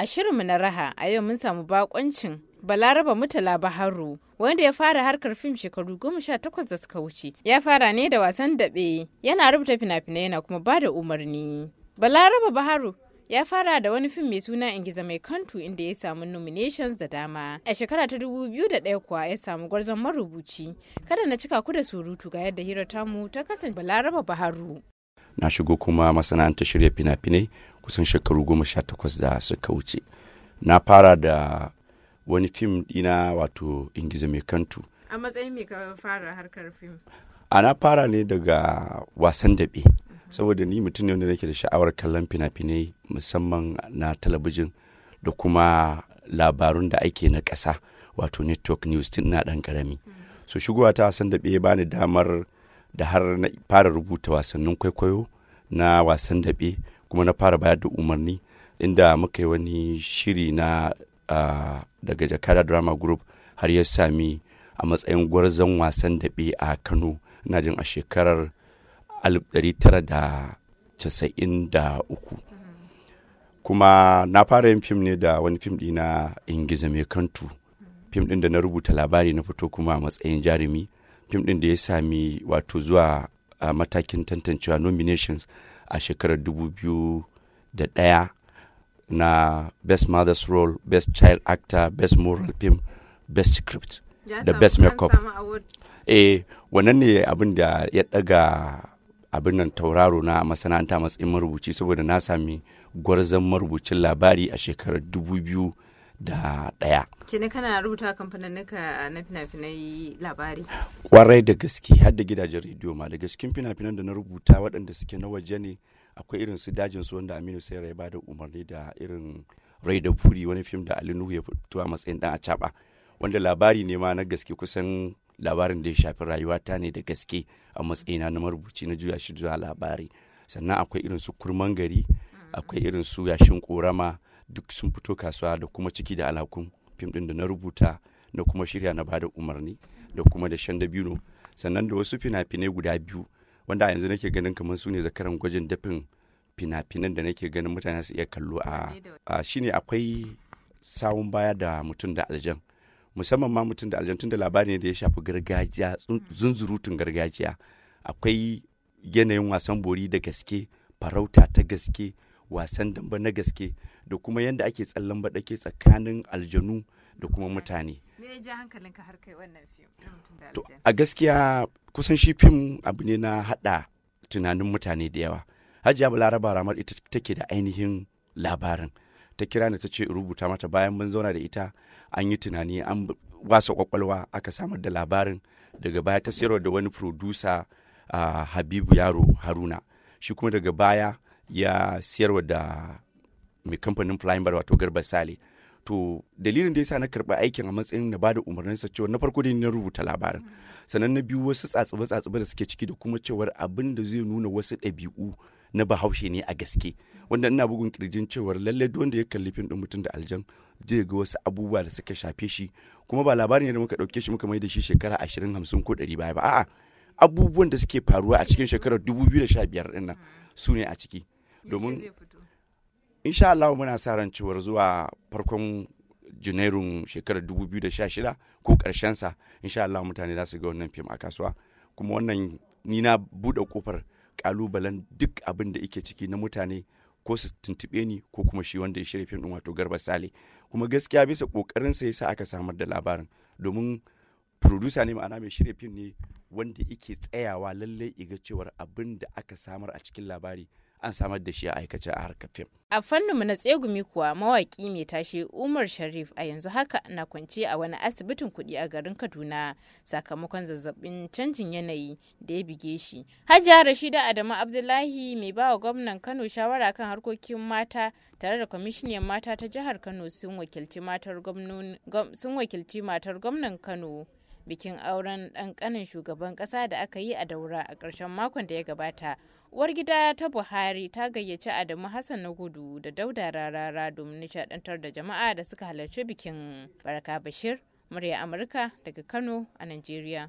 A shirinmu na raha a yau mun samu bakoncin Balaraba Mutala Baharu wanda ya fara harkar fim shekaru goma sha takwas da suka wuce. Ya fara ne da wasan daɓe yana rubuta fina-finai yana kuma ba da umarni. Balaraba Baharu ya fara da wani fim mai suna ingiza mai kantu inda ya samu nominations da dama a shekara ta dubu biyu da ɗaya kuwa ya samu gwarzon marubuci kada na cika ku da surutu ga yadda hira tamu ta kasance balaraba baharu na shigo kuma masana'antar shirya fina-finai kusan shekaru goma sha takwas da suka wuce na fara da wani fim dina wato ingiza mai kantu a matsayin mai fara harkar fim a na fara ne daga wasan daɓe mhm. saboda ni mutum ne wanda nake da sha'awar kallon fina-finai musamman na talabijin da kuma labarun da ake na ƙasa wato network news tun na ɗan ƙarami mhm. so shigowa ta wasan daɓe ba ni damar da har na fara rubuta wasannin kwaikwayo na wasan daɓe kuma na fara bayar da umarni inda muka yi wani shiri na daga jakara drama group har ya sami a matsayin gwarzon wasan daɓe a kano na jin a shekarar 1993 kuma na fara yin fim ne da wani fim ɗina ingiza mai kantu fim ɗin da na rubuta labari na fito kuma a matsayin jarumi fim ɗin da ya sami wato zuwa matakin tantancewa nominations a shekarar 2001 na best mother's role best child actor best moral film best script da best makeup eh wannan ne abin da ya daga abin nan tauraro na masana'anta matsayin marubuci saboda na sami gwarzon marubucin labari a shekarar 2000 da ɗaya. Kini kana rubuta nuka na fina-finai labari? Kwarai da gaske har da gidajen rediyo ma da cikin fina-finan da na rubuta waɗanda suke na waje ne akwai irin su dajin su wanda Aminu Saira ya da umarni da irin Rai da Buri wani fim da Ali Nuhu ya fito a matsayin dan acaba wanda labari ne ma na gaske kusan labarin da ya shafi rayuwata ne da gaske a matsayina na marubuci na juya shi zuwa labari sannan akwai irin su kurman gari mm. akwai irin su yashin korama duk sun fito kasuwa da kuma ciki da alakun fim din da na rubuta da kuma shirya na bada umarni da kuma da shan dabino sannan da wasu fina-finai guda biyu wanda a yanzu nake ganin kamar su ne zakaran gwajin dafin fina-finan da nake ganin mutane su iya kallo a shine akwai sawun baya da mutum da aljan musamman ma mutum da aljan tun da labari ne da ya shafi gargajiya zunzurutun gargajiya akwai yanayin wasan bori da gaske farauta ta gaske wasan damba na gaske da kuma yadda ake tsallan baɗake tsakanin aljanu da kuma mutane. a gaskiya kusan shi fim abu ne na haɗa tunanin mutane da yawa. Hajiya Balaraba Ramar ita take da ainihin labarin. Ta kira ni ta ce rubuta mata bayan mun zauna da ita an yi tunani an wasa kwakwalwa aka samar da labarin daga baya ta sayarwa da wani furodusa ah, Habibu Yaro Haruna. Shi kuma daga baya ya siyarwa da mai kamfanin flying bar wato garba sale to dalilin da ya sa na karɓi aikin a matsayin na bada umarnin sa cewa na farko dai na rubuta labarin sannan na biyu wasu tsatsuba tsatsuba da suke ciki da kuma cewar abin da zai nuna wasu ɗabi'u na bahaushe ne a gaske wanda ina bugun kirjin cewar lalle duk wanda ya kalli fim din mutum da aljan zai ga wasu abubuwa da suka shafe shi kuma ba labarin ne da muka ɗauke shi muka mai da shi shekara ashirin hamsin ko ɗari baya ba a'a abubuwan da suke faruwa a cikin shekarar 2015 din nan su ne a ciki domin insha Allah muna sa ran cewar zuwa farkon janairun shekarar 2016 ko karshen sa insha Allah mutane za su ga wannan fim a kasuwa kuma wannan ni na buɗe kofar kalubalen duk abin da yake ciki na mutane ko su tuntube ni ko kuma shi wanda ya shirya fim din wato Garba Sale kuma gaskiya bisa kokarin sa yasa aka samar da labarin domin producer ne ma'ana mai shirya fim ne wanda yake tsayawa lallai iga cewar abin da aka samar a cikin labari an samar da shi a aikace a harkar fim. A fanninmu na tsegumi kuwa mawaƙi mai tashi Umar Sharif a yanzu haka na kwance a wani asibitin kuɗi a garin Kaduna sakamakon zazzabin canjin yanayi da ya bige shi. Hajiya Rashida Adamu Abdullahi mai bawa gwamnan Kano shawara kan harkokin mata tare da kwamishiniyar mata ta jihar Kano sun wakilci matar gwamnan Kano bikin auren ɗan ƙanin shugaban ƙasa da aka yi a daura a ƙarshen makon da ya gabata uwar gida ta buhari ta gayyaci adamu hassan na gudu da dauda rarara domin nishaɗantar da jama'a da suka halarci bikin baraka bashir murya amurka daga kano a najeriya